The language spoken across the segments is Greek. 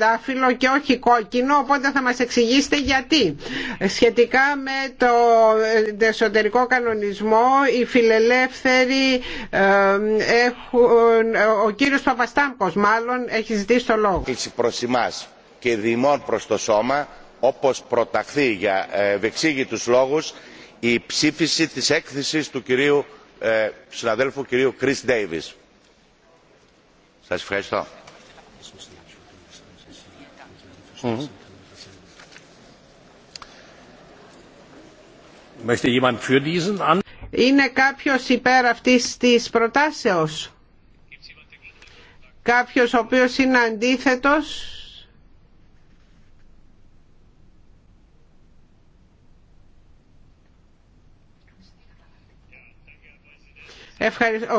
δάφυλλο και όχι κόκκινο οπότε θα μας εξηγήσετε γιατί. Σχετικά με το ε, εσωτερικό κανονισμό οι φιλελεύθεροι ε, έχουν, ε, ο κύριος Παπαστάμκος μάλλον έχει ζητήσει το λόγο. Προς εμάς και δημών προς το σώμα όπως προταχθεί για ευεξήγητους λόγους η ψήφιση της έκθεσης του κυρίου συναδέλφου κυρίου κρίς Ντέιβις. Σας ευχαριστώ. Είναι κάποιος υπέρ αυτής της προτάσεως. Κάποιος ο οποίος είναι αντίθετος.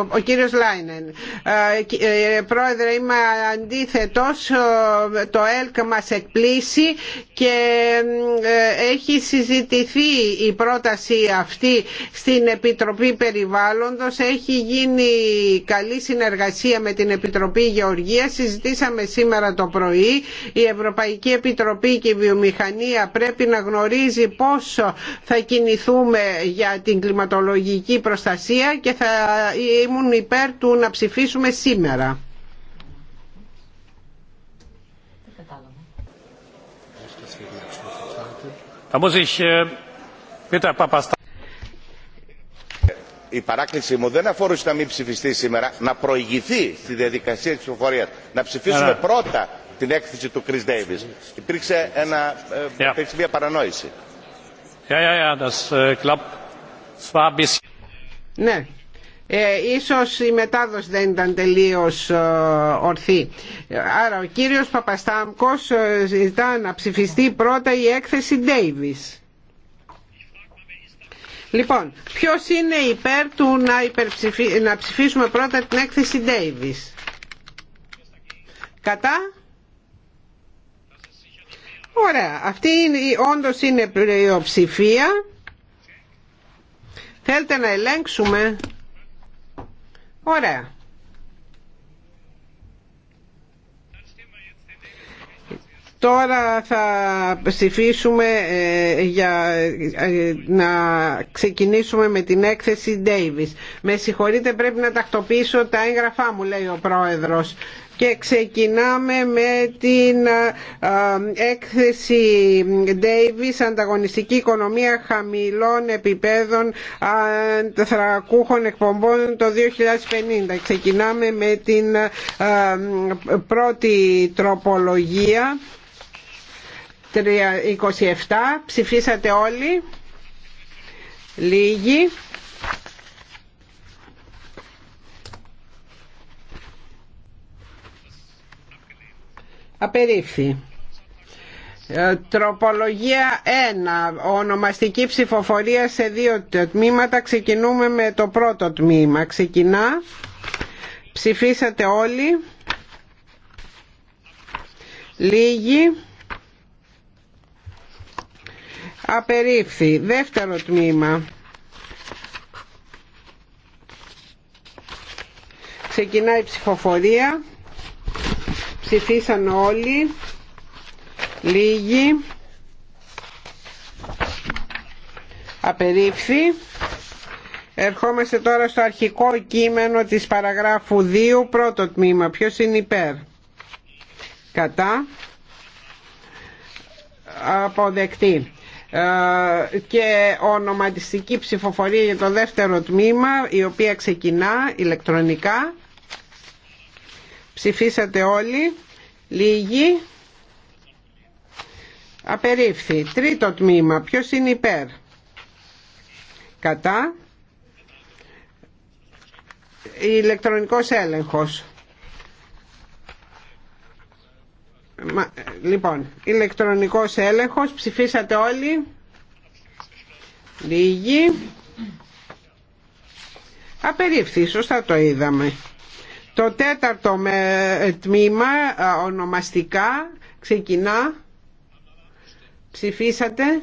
Ο κύριος Λάινεν. Ε, ε, πρόεδρε, είμαι αντίθετος. Ε, το ΕΛΚ μας εκπλήσει και έχει συζητηθεί η πρόταση αυτή στην Επιτροπή Περιβάλλοντος. Έχει γίνει καλή συνεργασία με την Επιτροπή Γεωργία. Συζητήσαμε σήμερα το πρωί. Η Ευρωπαϊκή Επιτροπή και η Βιομηχανία πρέπει να γνωρίζει πόσο θα κινηθούμε για την κλιματολογική προστασία και θα ήμουν υπέρ του να ψηφίσουμε σήμερα. Ε, Η παράκλησή μου δεν αφορούσε να μην ψηφιστεί σήμερα, να προηγηθεί στη διαδικασία τη ψηφοφορία, Να ψηφίσουμε πρώτα την έκθεση του Chris Davis. Υπήρξε ένα, ε, υπήρξε μια παρανόηση. Ε, ναι, ε, ίσως η μετάδοση δεν ήταν τελείως ε, ορθή. Άρα ο κύριος Παπαστάμκος ε, ζητά να ψηφιστεί πρώτα η έκθεση Davis. Λοιπόν, ποιος είναι υπέρ του να, υπερψηφι... να ψηφίσουμε πρώτα την έκθεση Davis. Κατά. Ωραία. Αυτή είναι, όντως είναι πλειοψηφία. Θέλετε να ελέγξουμε. Ωραία. Τώρα θα ψηφίσουμε ε, για ε, να ξεκινήσουμε με την έκθεση Davis. Με συγχωρείτε πρέπει να τακτοποιήσω τα έγγραφά μου λέει ο πρόεδρος και ξεκινάμε με την έκθεση Davis ανταγωνιστική οικονομία χαμηλών επιπέδων ανθρακούχων εκπομπών το 2050 ξεκινάμε με την πρώτη τροπολογία 27 ψηφίσατε όλοι λίγοι Απερίφθη. Ε, τροπολογία 1. Ονομαστική ψηφοφορία σε δύο τμήματα. Ξεκινούμε με το πρώτο τμήμα. Ξεκινά. Ψηφίσατε όλοι. Λίγοι. Απερίφθη. Δεύτερο τμήμα. Ξεκινάει η ψηφοφορία. Ψηφίσαν όλοι. Λίγοι. Απερίφθη. Ερχόμαστε τώρα στο αρχικό κείμενο της παραγράφου 2, πρώτο τμήμα. Ποιος είναι υπέρ. Κατά. Αποδεκτή. Ε, και ονοματιστική ψηφοφορία για το δεύτερο τμήμα, η οποία ξεκινά ηλεκτρονικά. Ψηφίσατε όλοι. Λίγοι. Απερίφθη. Τρίτο τμήμα. Ποιος είναι υπέρ. Κατά. Ηλεκτρονικός έλεγχος. Λοιπόν, ηλεκτρονικός έλεγχος. Ψηφίσατε όλοι. Λίγοι. Απερίφθη. Σωστά το είδαμε. Το τέταρτο με, ε, τμήμα ονομαστικά ξεκινά. Ψηφίσατε.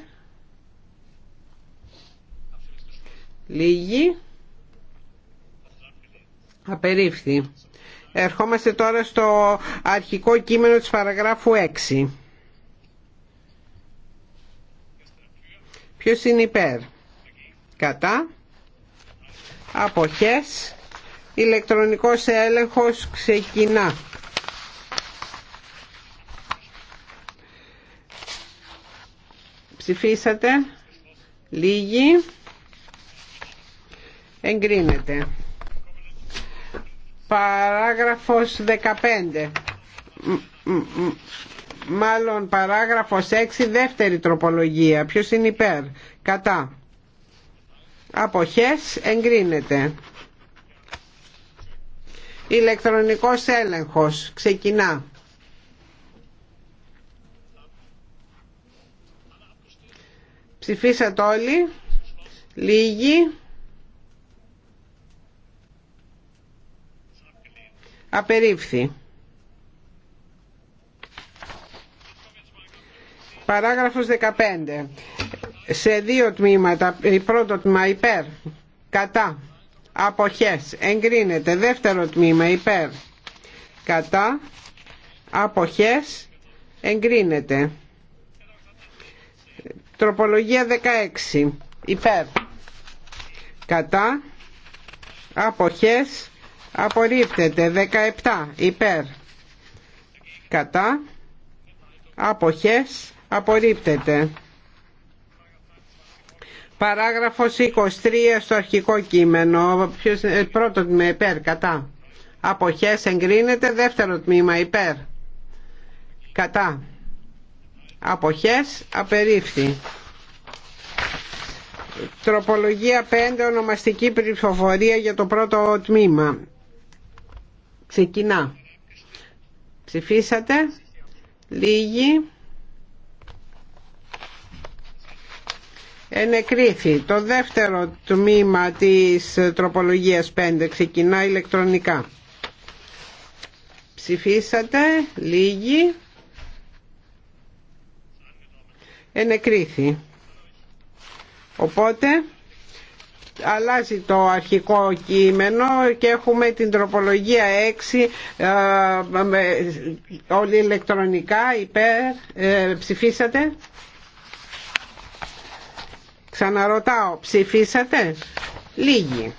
Λίγοι. Απερίφθη. Ερχόμαστε τώρα στο αρχικό κείμενο της παραγράφου 6. Ποιος είναι υπέρ. Κατά. Αποχές ηλεκτρονικός έλεγχος ξεκινά. Ψηφίσατε. Λίγοι. Εγκρίνεται. Παράγραφος 15. Μάλλον παράγραφος 6, δεύτερη τροπολογία. Ποιος είναι υπέρ. Κατά. Αποχές εγκρίνεται. Ηλεκτρονικός έλεγχος. Ξεκινά. Ψηφίσατε όλοι. Λίγοι. Απερίφθη. Παράγραφος 15. Σε δύο τμήματα. Πρώτο τμήμα υπέρ. Κατά αποχές εγκρίνεται δεύτερο τμήμα υπέρ κατά αποχές εγκρίνεται τροπολογία 16 υπέρ κατά αποχές απορρίπτεται 17 υπέρ κατά αποχές απορρίπτεται Παράγραφος 23 στο αρχικό κείμενο. Ε, πρώτο τμήμα υπέρ, κατά. Αποχές εγκρίνεται. Δεύτερο τμήμα υπέρ. Κατά. Αποχές απερίφθη. Τροπολογία 5 ονομαστική πληροφορία για το πρώτο τμήμα. Ξεκινά. Ψηφίσατε. Λίγοι. ενεκρίθη. Το δεύτερο τμήμα της τροπολογίας 5 ξεκινά ηλεκτρονικά. Ψηφίσατε, λίγοι. Ενεκρίθη. Οπότε αλλάζει το αρχικό κείμενο και έχουμε την τροπολογία 6 ε, όλοι ηλεκτρονικά υπέρ ε, ψηφίσατε Ξαναρωτάω, ψηφίσατε. Λίγοι.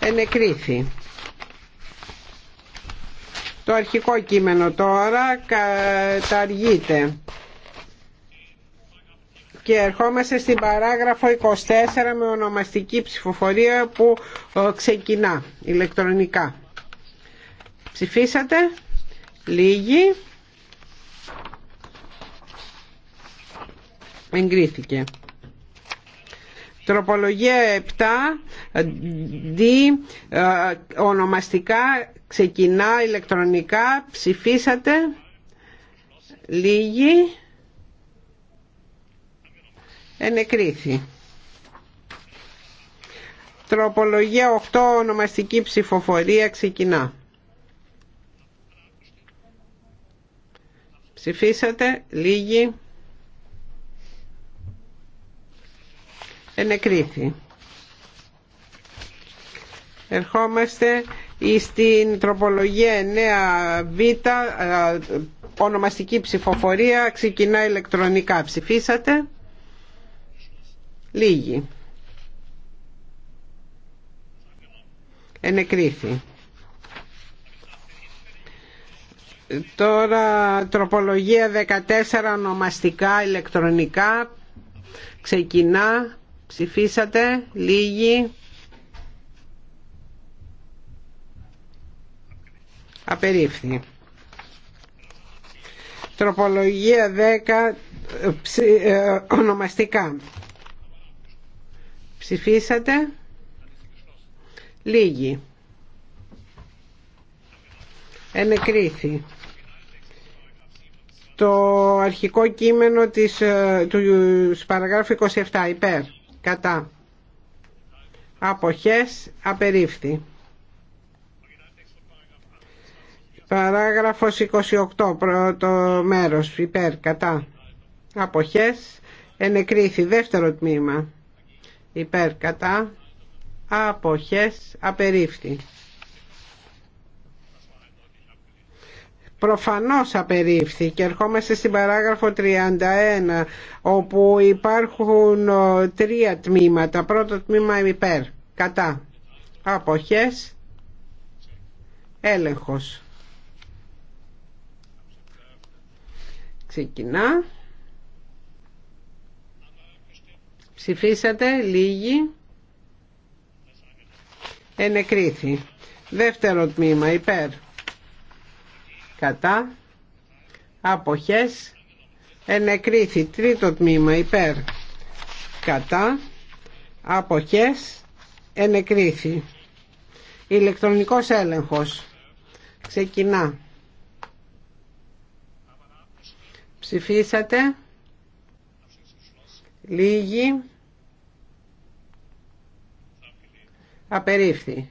Ενεκρίθη. Το αρχικό κείμενο τώρα καταργείται. Και ερχόμαστε στην παράγραφο 24 με ονομαστική ψηφοφορία που ε, ξεκινά ηλεκτρονικά. Ψηφίσατε. Λίγοι. εγκρίθηκε. Τροπολογία 7, δι, ε, ονομαστικά, ξεκινά ηλεκτρονικά, ψηφίσατε, λίγοι, ενεκρίθη. Τροπολογία 8, ονομαστική ψηφοφορία, ξεκινά. Ψηφίσατε, λίγοι. ενεκρίθη. Ερχόμαστε στην τροπολογία 9β, ονομαστική ψηφοφορία, ξεκινά ηλεκτρονικά. Ψηφίσατε. Λίγοι. Ενεκρίθη. Τώρα τροπολογία 14 ονομαστικά ηλεκτρονικά ξεκινά Ψηφίσατε λίγοι. Απερίφθη. Τροπολογία 10 ε, ονομαστικά. Ψηφίσατε. Λίγοι. Ενεκρίθη. Το αρχικό κείμενο της, ε, του παραγράφου 27 υπέρ κατά αποχές απερίφθη παράγραφος 28 πρώτο μέρος υπέρ κατά αποχές ενεκρίθη δεύτερο τμήμα υπέρ κατά αποχές απερίφθη προφανώς απερίφθη και ερχόμαστε στην παράγραφο 31 όπου υπάρχουν ε, τρία τμήματα πρώτο τμήμα υπέρ κατά αποχές έλεγχος ξεκινά ψηφίσατε λίγοι ενεκρίθη δεύτερο τμήμα υπέρ κατά αποχές ενεκρίθη τρίτο τμήμα υπέρ κατά αποχές ενεκρίθη ηλεκτρονικός έλεγχος ξεκινά ψηφίσατε λίγοι απερίφθη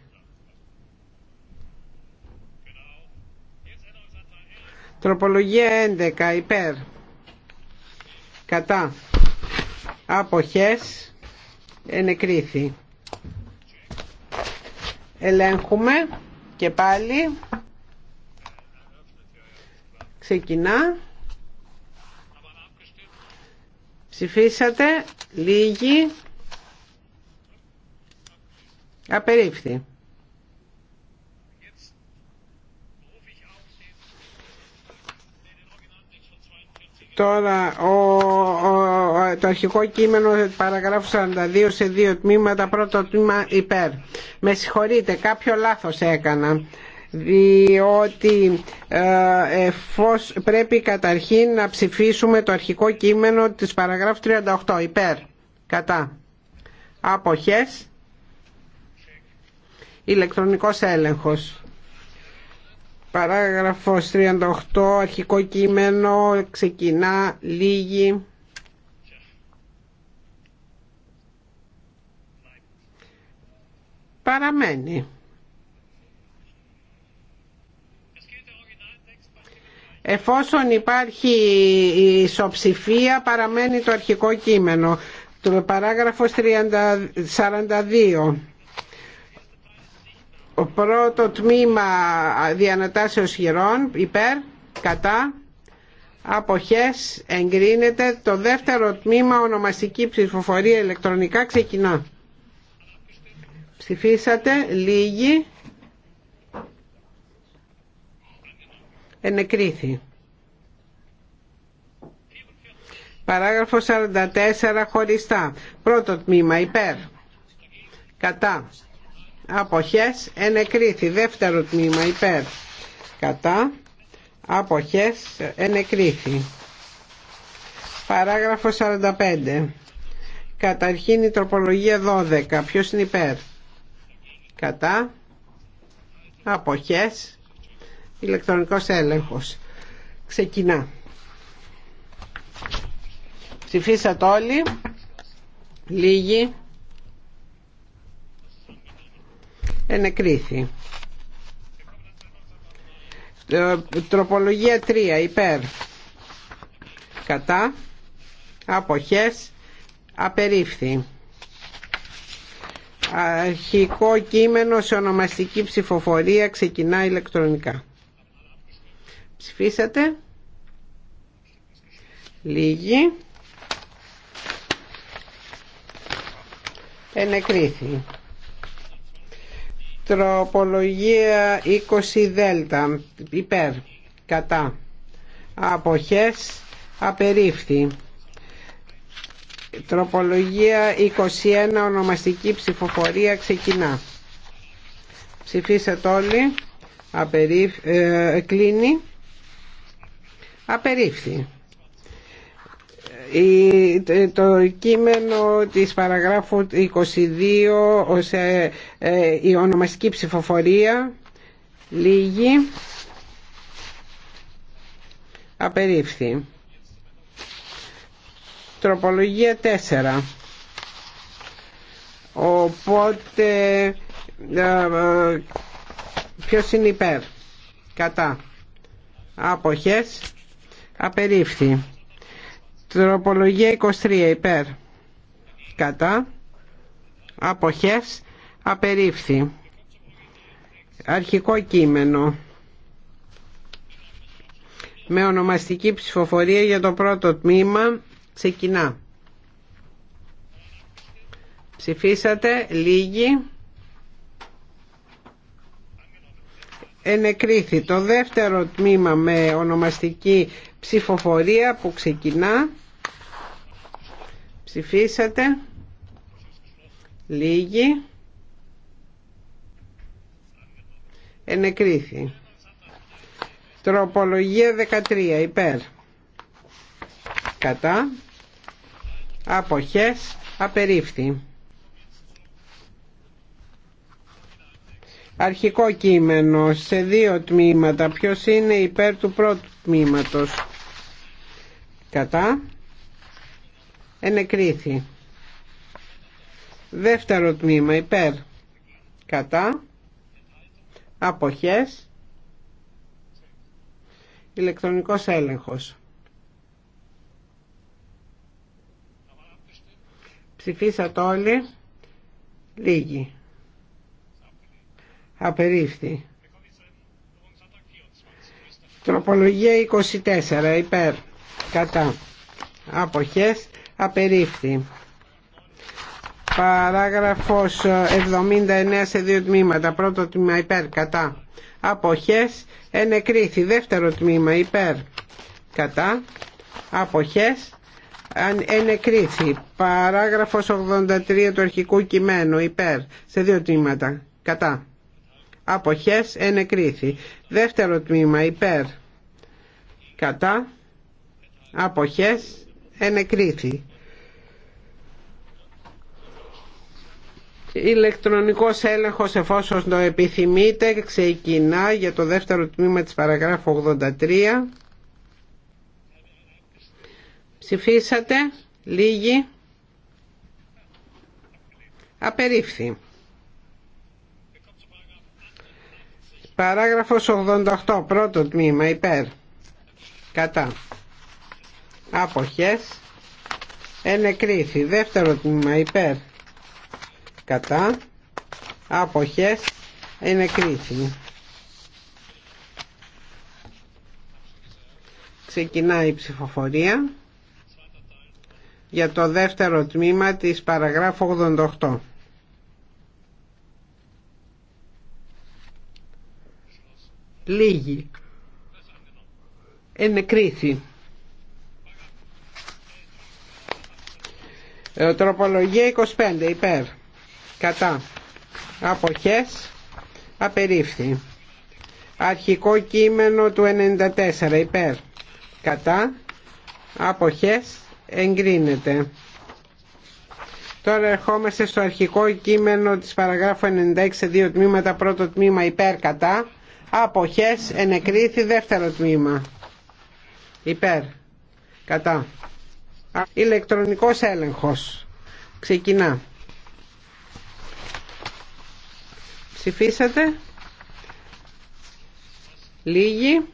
Τροπολογία 11 υπέρ κατά αποχές ενεκρίθη. Ελέγχουμε και πάλι. Ξεκινά. Ψηφίσατε. Λίγοι. Απερίφθη. Τώρα το αρχικό κείμενο παραγράφου 42 σε δύο τμήματα, πρώτο τμήμα υπέρ. Με συγχωρείτε, κάποιο λάθος έκανα διότι ε, πρέπει καταρχήν να ψηφίσουμε το αρχικό κείμενο της παραγράφου 38 υπέρ, κατά, αποχές, ηλεκτρονικός έλεγχος. Παράγραφος 38, αρχικό κείμενο, ξεκινά, λίγη. Παραμένει. Εφόσον υπάρχει ισοψηφία παραμένει το αρχικό κείμενο. Το παράγραφος 42. Πρώτο τμήμα διανατάσεως χειρών υπέρ, κατά, αποχές εγκρίνεται. Το δεύτερο τμήμα ονομαστική ψηφοφορία ηλεκτρονικά ξεκινά. Ψηφίσατε, λίγοι. Ενεκρίθη. Παράγραφο 44 χωριστά. Πρώτο τμήμα υπέρ. Κατά αποχές ενεκρίθη δεύτερο τμήμα υπέρ κατά αποχές ενεκρίθη παράγραφο 45 καταρχήν η τροπολογία 12 ποιος είναι υπέρ κατά αποχές ηλεκτρονικός έλεγχος ξεκινά ψηφίσατε όλοι λίγοι ενεκρίθη ε, τροπολογία 3 υπέρ κατά αποχές απερίφθη αρχικό κείμενο σε ονομαστική ψηφοφορία ξεκινά ηλεκτρονικά ψηφίσατε λίγοι ενεκρίθη Τροπολογία 20 Δέλτα υπέρ κατά αποχές απερίφθη. Τροπολογία 21 ονομαστική ψηφοφορία ξεκινά. Ψηφίσατε όλοι. Απερίφ, ε, κλείνει. Απερίφθη το κείμενο της παραγράφου 22 ω ε, η ονομαστική ψηφοφορία λίγη απερίφθη τροπολογία 4 οπότε ε, ε, ποιος είναι υπέρ κατά αποχές απερίφθη Τροπολογία 23 υπέρ. Κατά. Αποχές. Απερίφθη. Αρχικό κείμενο. Με ονομαστική ψηφοφορία για το πρώτο τμήμα ξεκινά. Ψηφίσατε λίγοι. Ενεκρίθη το δεύτερο τμήμα με ονομαστική ψηφοφορία που ξεκινά. Ψηφίσατε. Λίγοι. Ενεκρίθη. Τροπολογία 13. Υπέρ. Κατά. Αποχές. Απερίφθη. Αρχικό κείμενο σε δύο τμήματα. Ποιος είναι υπέρ του πρώτου τμήματος. Κατά ενεκρίθη δεύτερο τμήμα υπέρ κατά αποχές ηλεκτρονικός έλεγχος ψηφίσατε όλοι λίγοι απερίφθη τροπολογία 24 υπέρ κατά αποχές απερίφθη. Παράγραφος 79 σε δύο τμήματα. Πρώτο τμήμα υπέρ κατά. Αποχές ενεκρίθη. Δεύτερο τμήμα υπέρ κατά. Αποχές ενεκρίθη. Παράγραφος 83 του αρχικού κειμένου υπέρ σε δύο τμήματα. Κατά. Αποχές ενεκρίθη. Δεύτερο τμήμα υπέρ κατά. Αποχές ενεκρίθη. Ηλεκτρονικός έλεγχος εφόσον το επιθυμείτε ξεκινά για το δεύτερο τμήμα της παραγράφου 83. Ψηφίσατε. Λίγοι. Απερίφθη. Παράγραφος 88. Πρώτο τμήμα. Υπέρ. Κατά. Αποχές Ενεκρίθη Δεύτερο τμήμα υπέρ Κατά Αποχές Ενεκρίθη Ξεκινάει η ψηφοφορία για το δεύτερο τμήμα της παραγράφου 88. Λίγη. Ενεκρίθη. Ε, τροπολογία 25 υπέρ. Κατά. Αποχές. Απερίφθη. Αρχικό κείμενο του 94 υπέρ. Κατά. Αποχές. Εγκρίνεται. Τώρα ερχόμαστε στο αρχικό κείμενο της παραγράφου 96 δύο τμήματα. Πρώτο τμήμα υπέρ κατά. Αποχές. Ενεκρίθη. Δεύτερο τμήμα. Υπέρ. Κατά. Ηλεκτρονικός έλεγχος. Ξεκινά. Ψηφίσατε. Λίγοι.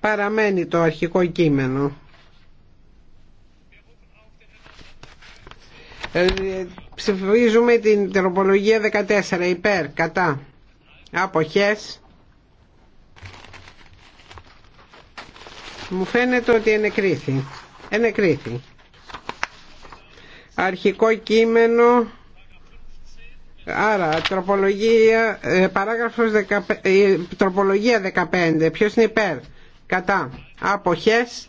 Παραμένει το αρχικό κείμενο. Ε, ψηφίζουμε την τροπολογία 14 υπέρ κατά αποχές Μου φαίνεται ότι ενεκρίθη. Ενεκρίθη. Αρχικό κείμενο. Άρα, τροπολογία, ε, παράγραφος 15, ε, τροπολογία 15. Ποιος είναι υπέρ. Κατά. Αποχές.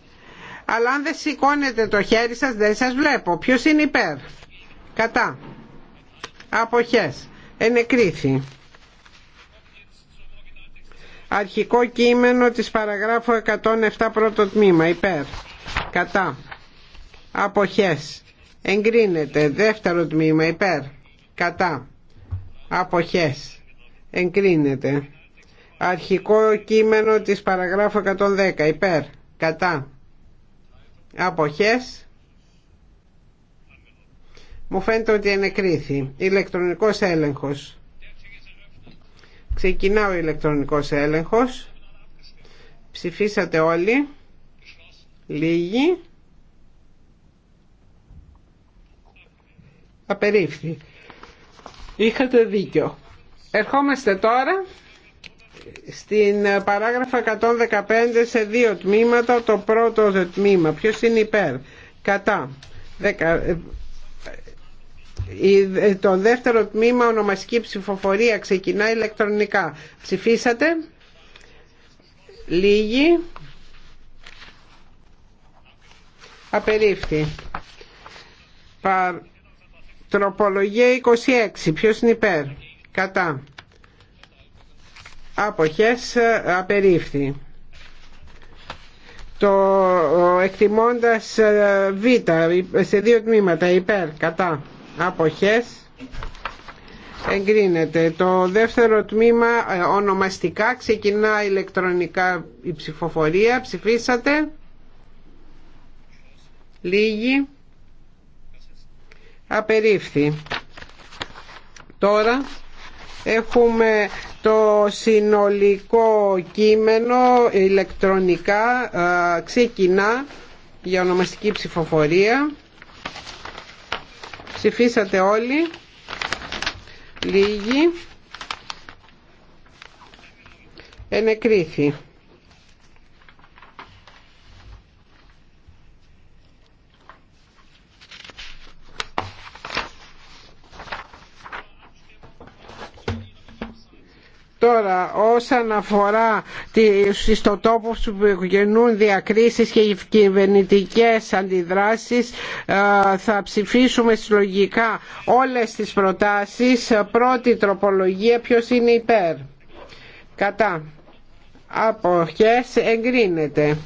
Αλλά αν δεν σηκώνετε το χέρι σας δεν σας βλέπω. Ποιος είναι υπέρ. Κατά. Αποχές. Ενεκρίθη αρχικό κείμενο της παραγράφου 107 πρώτο τμήμα υπέρ κατά αποχές εγκρίνεται δεύτερο τμήμα υπέρ κατά αποχές εγκρίνεται αρχικό κείμενο της παραγράφου 110 υπέρ κατά αποχές μου φαίνεται ότι ενεκρίθη ηλεκτρονικός έλεγχος Ξεκινά ο ηλεκτρονικός έλεγχος. Ψηφίσατε όλοι. Λίγοι. Απερίφθη. Είχατε δίκιο. Ερχόμαστε τώρα στην παράγραφα 115 σε δύο τμήματα. Το πρώτο τμήμα. Ποιος είναι υπέρ. Κατά. Ε, το δεύτερο τμήμα ονομαστική ψηφοφορία ξεκινά ηλεκτρονικά. Ψηφίσατε. Λίγοι. Απερίφθη. Πα... Τροπολογία 26. Ποιος είναι υπέρ. Κατά. Αποχές ε, απερίφθη. Το εκτιμώντας ε, β σε δύο τμήματα υπέρ. Κατά αποχές εγκρίνεται το δεύτερο τμήμα ε, ονομαστικά ξεκινά ηλεκτρονικά η ψηφοφορία ψηφίσατε λίγοι απερίφθη τώρα έχουμε το συνολικό κείμενο ηλεκτρονικά ε, ξεκινά για ονομαστική ψηφοφορία Ψηφίσατε όλοι. Λίγοι. Ενεκρίθη. Τώρα όσον αφορά τι τόπο που γεννούν διακρίσεις και κυβερνητικέ αντιδράσεις ε, θα ψηφίσουμε συλλογικά όλες τις προτάσεις. Πρώτη τροπολογία ποιος είναι υπέρ. Κατά. Αποχές εγκρίνεται.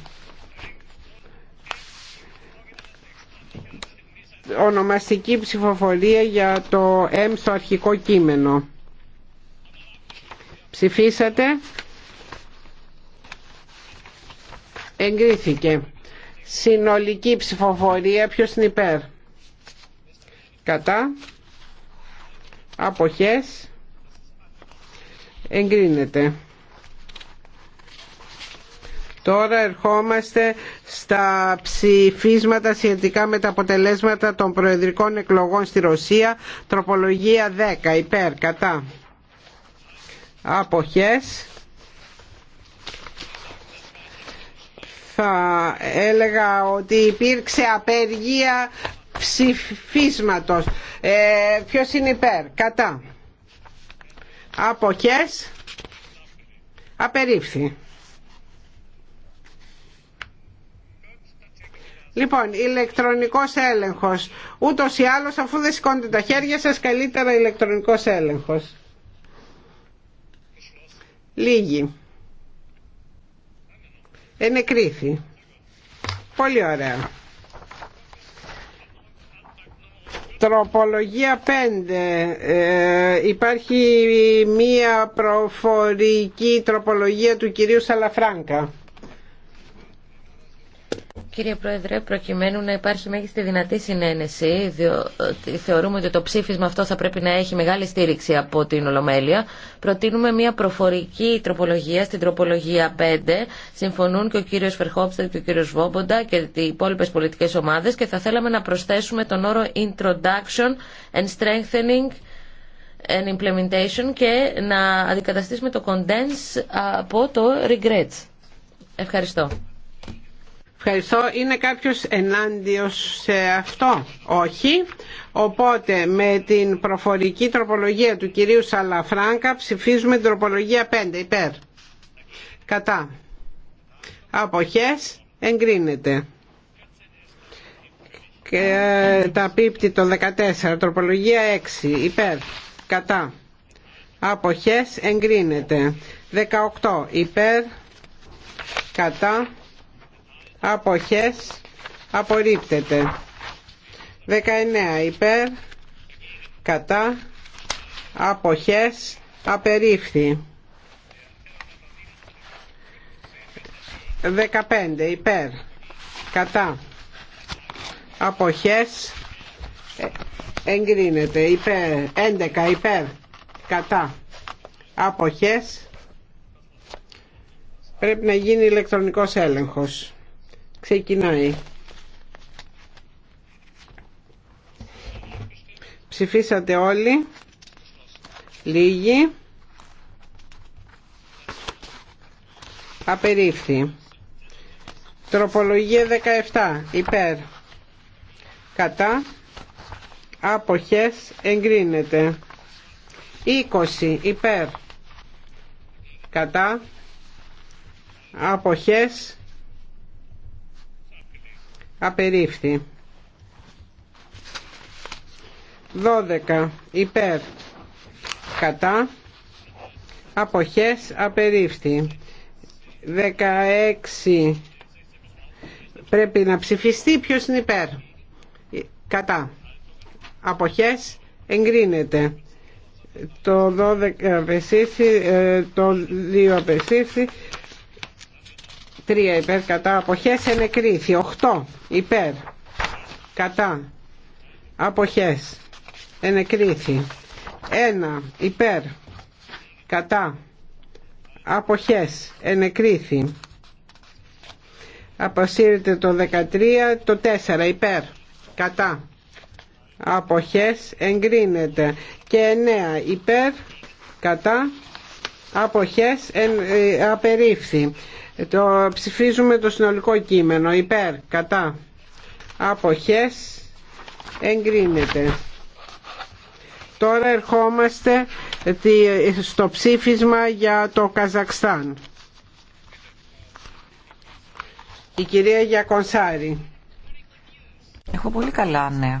Ονομαστική ψηφοφορία για το Έμ στο αρχικό κείμενο. Ψηφίσατε. Εγκρίθηκε. Συνολική ψηφοφορία. Ποιος είναι υπέρ. Κατά. Αποχές. Εγκρίνεται. Τώρα ερχόμαστε στα ψηφίσματα σχετικά με τα αποτελέσματα των προεδρικών εκλογών στη Ρωσία. Τροπολογία 10. Υπέρ. Κατά αποχές θα έλεγα ότι υπήρξε απεργία ψηφίσματος ε, ποιος είναι υπέρ κατά αποχές απερίφθη Λοιπόν, ηλεκτρονικός έλεγχος. Ούτως ή άλλως, αφού δεν σηκώνετε τα χέρια σας, καλύτερα ηλεκτρονικός έλεγχος. Λίγοι. Ενεκρίθη. Πολύ ωραία. Τροπολογία 5. Ε, υπάρχει μία προφορική τροπολογία του κυρίου Σαλαφράνκα. Κύριε Πρόεδρε, προκειμένου να υπάρχει μέγιστη δυνατή συνένεση, διότι θεωρούμε ότι το ψήφισμα αυτό θα πρέπει να έχει μεγάλη στήριξη από την Ολομέλεια, προτείνουμε μια προφορική τροπολογία στην τροπολογία 5. Συμφωνούν και ο κύριο Φερχόψτα και ο κύριο Βόμποντα και οι υπόλοιπε πολιτικέ ομάδε και θα θέλαμε να προσθέσουμε τον όρο introduction and strengthening and implementation και να αντικαταστήσουμε το condense από το regrets. Ευχαριστώ. Ευχαριστώ. Είναι κάποιος ενάντιος σε αυτό. Όχι. Οπότε με την προφορική τροπολογία του κυρίου Σαλαφράνκα ψηφίζουμε την τροπολογία 5 υπέρ. Κατά. Αποχές εγκρίνεται. Και ε, τα πίπτη το 14, τροπολογία 6 υπέρ. Κατά. Αποχές εγκρίνεται. 18 υπέρ. Κατά αποχές απορρίπτεται 19 υπέρ κατά αποχές απερίφθη 15 υπέρ κατά αποχές ε, εγκρίνεται υπέρ 11 υπέρ κατά αποχές πρέπει να γίνει ηλεκτρονικός έλεγχος Ξεκινάει. Ψηφίσατε όλοι. Λίγοι. Απερίφθη. Τροπολογία 17. Υπέρ. Κατά. Αποχές εγκρίνεται. 20. Υπέρ. Κατά. Αποχές απερίφθη 12 υπέρ κατά αποχές απερίφθη 16 πρέπει να ψηφιστεί ποιος είναι υπέρ κατά αποχές εγκρίνεται το 12 απεσήφθη ε, το 2 απεσήφθη 3 υπέρ κατά αποχές ενεκρίθη 8 υπέρ κατά αποχές ενεκρίθη 1 υπέρ κατά αποχές ενεκρίθη αποσύρεται το 13 το 4 υπέρ κατά αποχές εγκρίνεται και 9 υπέρ κατά αποχές εν, ε, απερίφθη ε, το ψηφίζουμε το συνολικό κείμενο. Υπέρ, κατά, αποχές, εγκρίνεται. Τώρα ερχόμαστε ε, ε, στο ψήφισμα για το Καζακστάν. Η κυρία Γιακονσάρη. Έχω πολύ καλά νέα.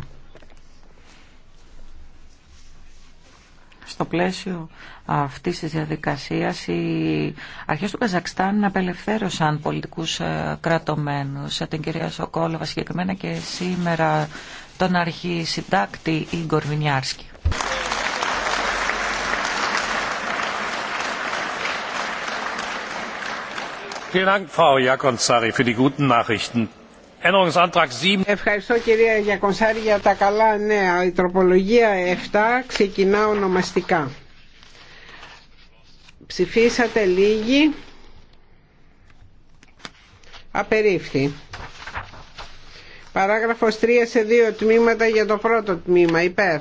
Στο πλαίσιο αυτής της διαδικασίας οι αρχές του Καζακστάν απελευθέρωσαν πολιτικούς ε, κρατομένους. Ε, την κυρία Σοκόλοβα συγκεκριμένα και σήμερα τον αρχή συντάκτη Ιγκορ Βινιάρσκι. Ευχαριστώ κυρία Γιακονσάρη για τα καλά νέα. Η τροπολογία 7 ξεκινά ονομαστικά. Ψηφίσατε λίγοι. Απερίφθη. Παράγραφος 3 σε 2 τμήματα για το πρώτο τμήμα. Υπέρ.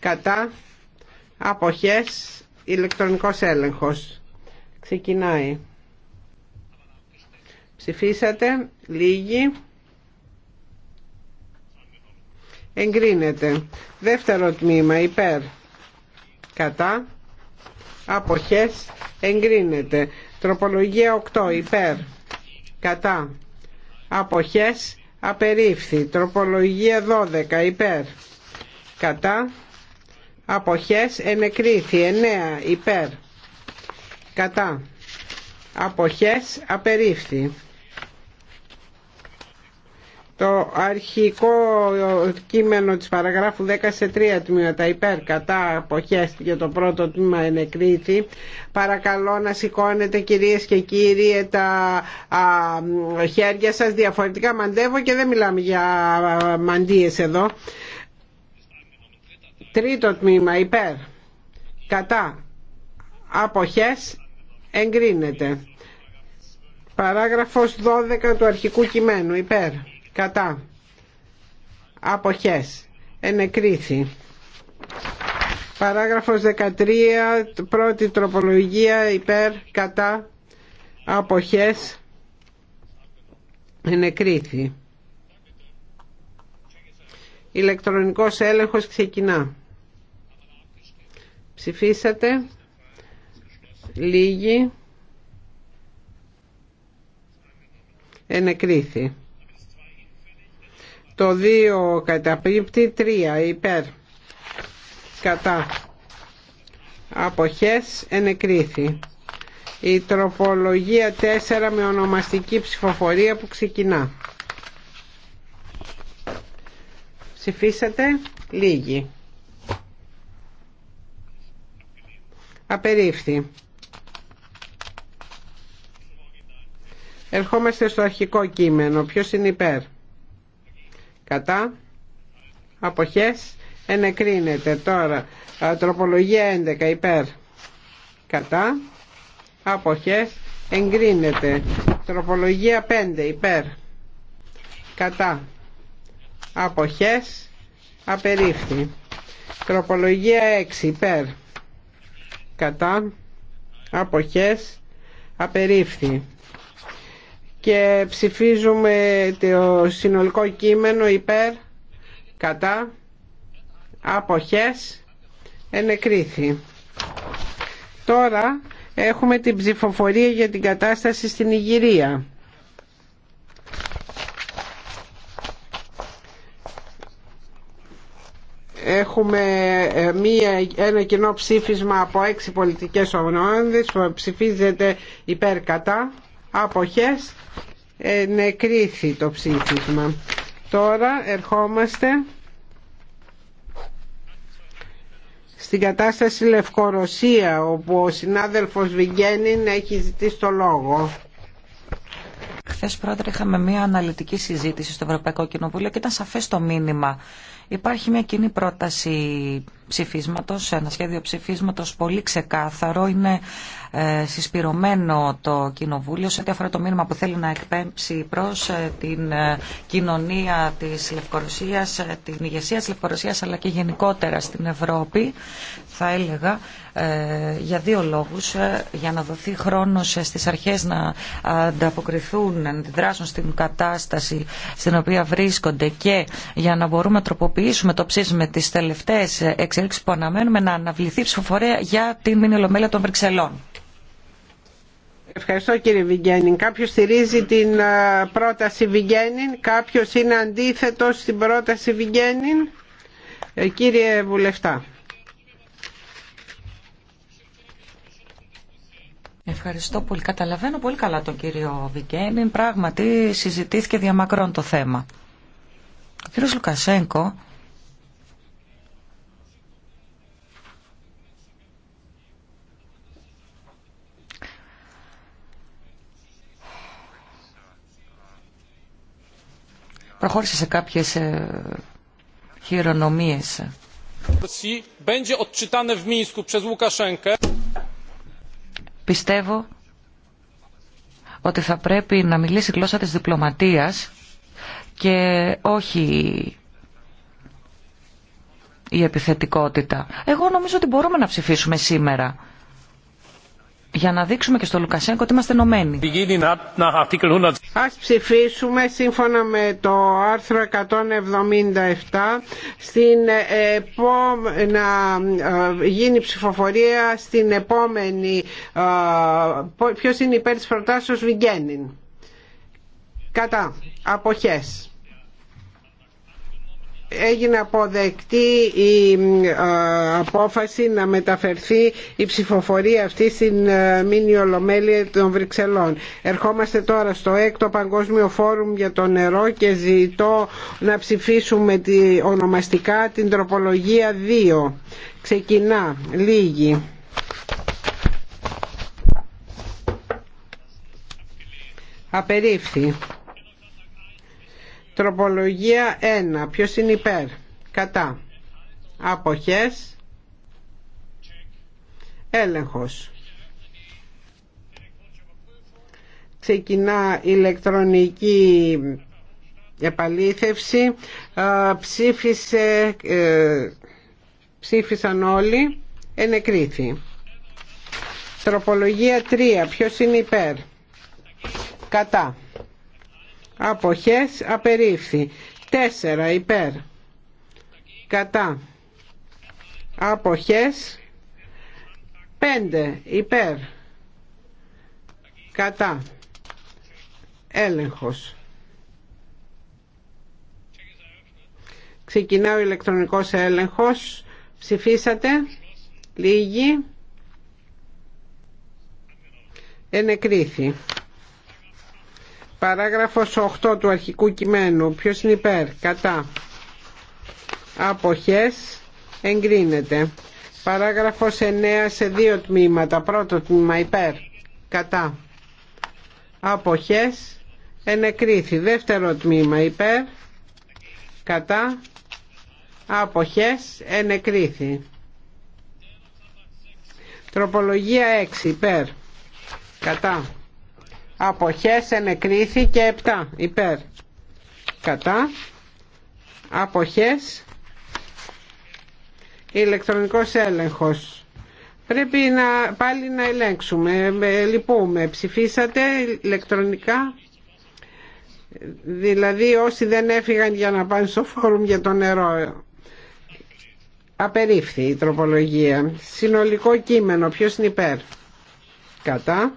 Κατά. Αποχές. Ηλεκτρονικός έλεγχος. Ξεκινάει. Ψηφίσατε. Λίγοι. Εγκρίνεται. Δεύτερο τμήμα. Υπέρ. Κατά. Αποχές. Εγκρίνεται. Τροπολογία 8. Υπέρ. Κατά. Αποχές. Απερίφθη. Τροπολογία 12. Υπέρ. Κατά. Αποχές. Ενεκρίθη. 9. Υπέρ. Κατά. Αποχές. Απερίφθη το αρχικό κείμενο της παραγράφου 10 σε 3 τμήματα υπέρ κατά αποχές για το πρώτο τμήμα ενεκρίθη παρακαλώ να σηκώνετε κυρίες και κύριοι τα χέρια σας διαφορετικά μαντεύω και δεν μιλάμε για μαντίες εδώ τρίτο τμήμα υπέρ κατά αποχές εγκρίνεται Παράγραφος 12 του αρχικού κειμένου υπέρ κατά αποχές ενεκρίθη παράγραφος 13 πρώτη τροπολογία υπέρ κατά αποχές ενεκρίθη ηλεκτρονικός έλεγχος ξεκινά ψηφίσατε λίγοι ενεκρίθη το 2 καταπίπτει 3 υπέρ κατά αποχές ενεκρίθη η τροπολογία 4 με ονομαστική ψηφοφορία που ξεκινά ψηφίσατε λίγοι απερίφθη ερχόμαστε στο αρχικό κείμενο ποιος είναι υπέρ κατά αποχές ενεκρίνεται τώρα τροπολογία 11 υπέρ κατά αποχές εγκρίνεται τροπολογία 5 υπέρ κατά αποχές απερίφθη τροπολογία 6 υπέρ κατά αποχές απερίφθη και ψηφίζουμε το συνολικό κείμενο υπέρ, κατά, αποχές, ενεκρίθη. Τώρα έχουμε την ψηφοφορία για την κατάσταση στην Ιγυρία. Έχουμε ε, μία, ένα κοινό ψήφισμα από έξι πολιτικές ομονόνδες που ψηφίζεται υπέρ κατά αποχές νεκρήθη το ψήφισμα. Τώρα ερχόμαστε στην κατάσταση Λευκορωσία όπου ο συνάδελφος Βιγγένιν έχει ζητήσει το λόγο. Χθε πρόεδρε είχαμε μια αναλυτική συζήτηση στο Ευρωπαϊκό Κοινοβούλιο και ήταν σαφές το μήνυμα Υπάρχει μια κοινή πρόταση ψηφίσματος, ένα σχέδιο ψηφίσματος πολύ ξεκάθαρο. Είναι ε, συσπηρωμένο το Κοινοβούλιο σε ό,τι αφορά το μήνυμα που θέλει να εκπέμψει προς ε, την ε, κοινωνία της Λευκορωσίας, την ηγεσία της Λευκορωσίας αλλά και γενικότερα στην Ευρώπη θα έλεγα, ε, για δύο λόγους. Ε, για να δοθεί χρόνος ε, στις αρχές να ανταποκριθούν, να αντιδράσουν στην κατάσταση στην οποία βρίσκονται και για να μπορούμε να τροποποιήσουμε το ψήφισμα τις τελευταίες εξελίξεις που αναμένουμε να αναβληθεί ψηφοφορία για την μηνυλομέλεια των Βρυξελών. Ευχαριστώ κύριε Βιγγένιν. Κάποιο στηρίζει την πρόταση Βιγγένιν, κάποιο είναι αντίθετος στην πρόταση Βιγγένιν. Κύριε Βουλευτά. Ευχαριστώ πολύ. Καταλαβαίνω πολύ καλά τον κύριο Βικένιν. Πράγματι συζητήθηκε διαμακρών το θέμα. Ο κύριος Λουκασέγκο προχώρησε σε κάποιες ε, χειρονομίες. Πιστεύω ότι θα πρέπει να μιλήσει η γλώσσα της διπλωματίας και όχι η επιθετικότητα. Εγώ νομίζω ότι μπορούμε να ψηφίσουμε σήμερα για να δείξουμε και στο Λουκασέγκο ότι είμαστε ενωμένοι. Ας ψηφίσουμε σύμφωνα με το άρθρο 177 στην επό... να ε, γίνει ψηφοφορία στην επόμενη ε, ποιος είναι υπέρ της προτάσεως Βιγγένιν. Κατά. Αποχές έγινε αποδεκτή η ε, απόφαση να μεταφερθεί η ψηφοφορία αυτή στην ε, μήνυ Ολομέλεια των Βρυξελών. Ερχόμαστε τώρα στο έκτο Παγκόσμιο Φόρουμ για το νερό και ζητώ να ψηφίσουμε τη, ονομαστικά την τροπολογία 2. Ξεκινά, λίγη. Απερίφθη. Τροπολογία 1. Ποιος είναι υπέρ. Κατά. Αποχές. Έλεγχος. Ξεκινά ηλεκτρονική επαλήθευση. Ψήφισε, ε, ψήφισαν όλοι. Ενεκρίθη. Τροπολογία 3. Ποιος είναι υπέρ. Κατά αποχές απερίφθη Τέσσερα. υπέρ κατά αποχές Πέντε. υπέρ κατά έλεγχος Ξεκινάει ο ηλεκτρονικός έλεγχος. Ψηφίσατε. Λίγοι. Ενεκρίθη. Παράγραφος 8 του αρχικού κειμένου. Ποιος είναι υπέρ, κατά. Αποχές εγκρίνεται. Παράγραφος 9 σε δύο τμήματα. Πρώτο τμήμα υπέρ, κατά. Αποχές ενεκρίθη. Δεύτερο τμήμα υπέρ, κατά. Αποχές ενεκρίθη. Τροπολογία 6 υπέρ, κατά αποχές και 7 υπέρ κατά αποχές ηλεκτρονικός έλεγχος πρέπει να, πάλι να ελέγξουμε ε, λυπούμε ψηφίσατε ηλεκτρονικά δηλαδή όσοι δεν έφυγαν για να πάνε στο φόρουμ για το νερό απερίφθη η τροπολογία συνολικό κείμενο ποιος είναι υπέρ κατά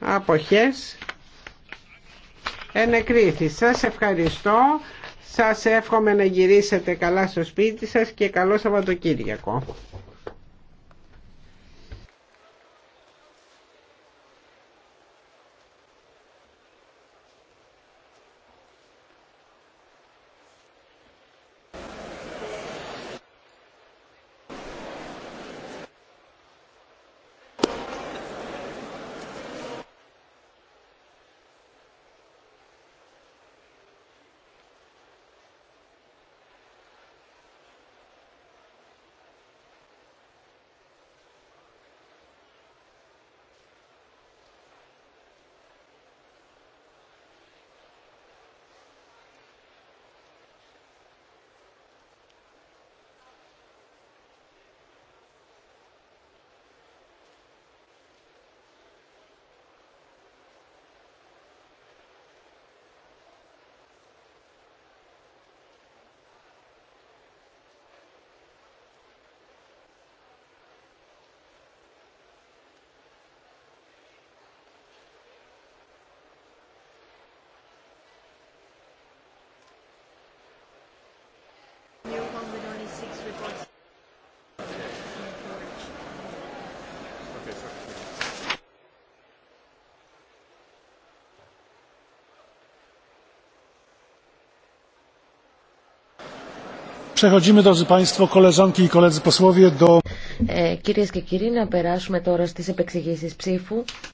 αποχές ενεκρίθη. Σας ευχαριστώ. Σας εύχομαι να γυρίσετε καλά στο σπίτι σας και καλό Σαββατοκύριακο. Κυρίε e, κυρίες και κύριοι, να περάσουμε τώρα στις επεξηγήσεις ψήφου.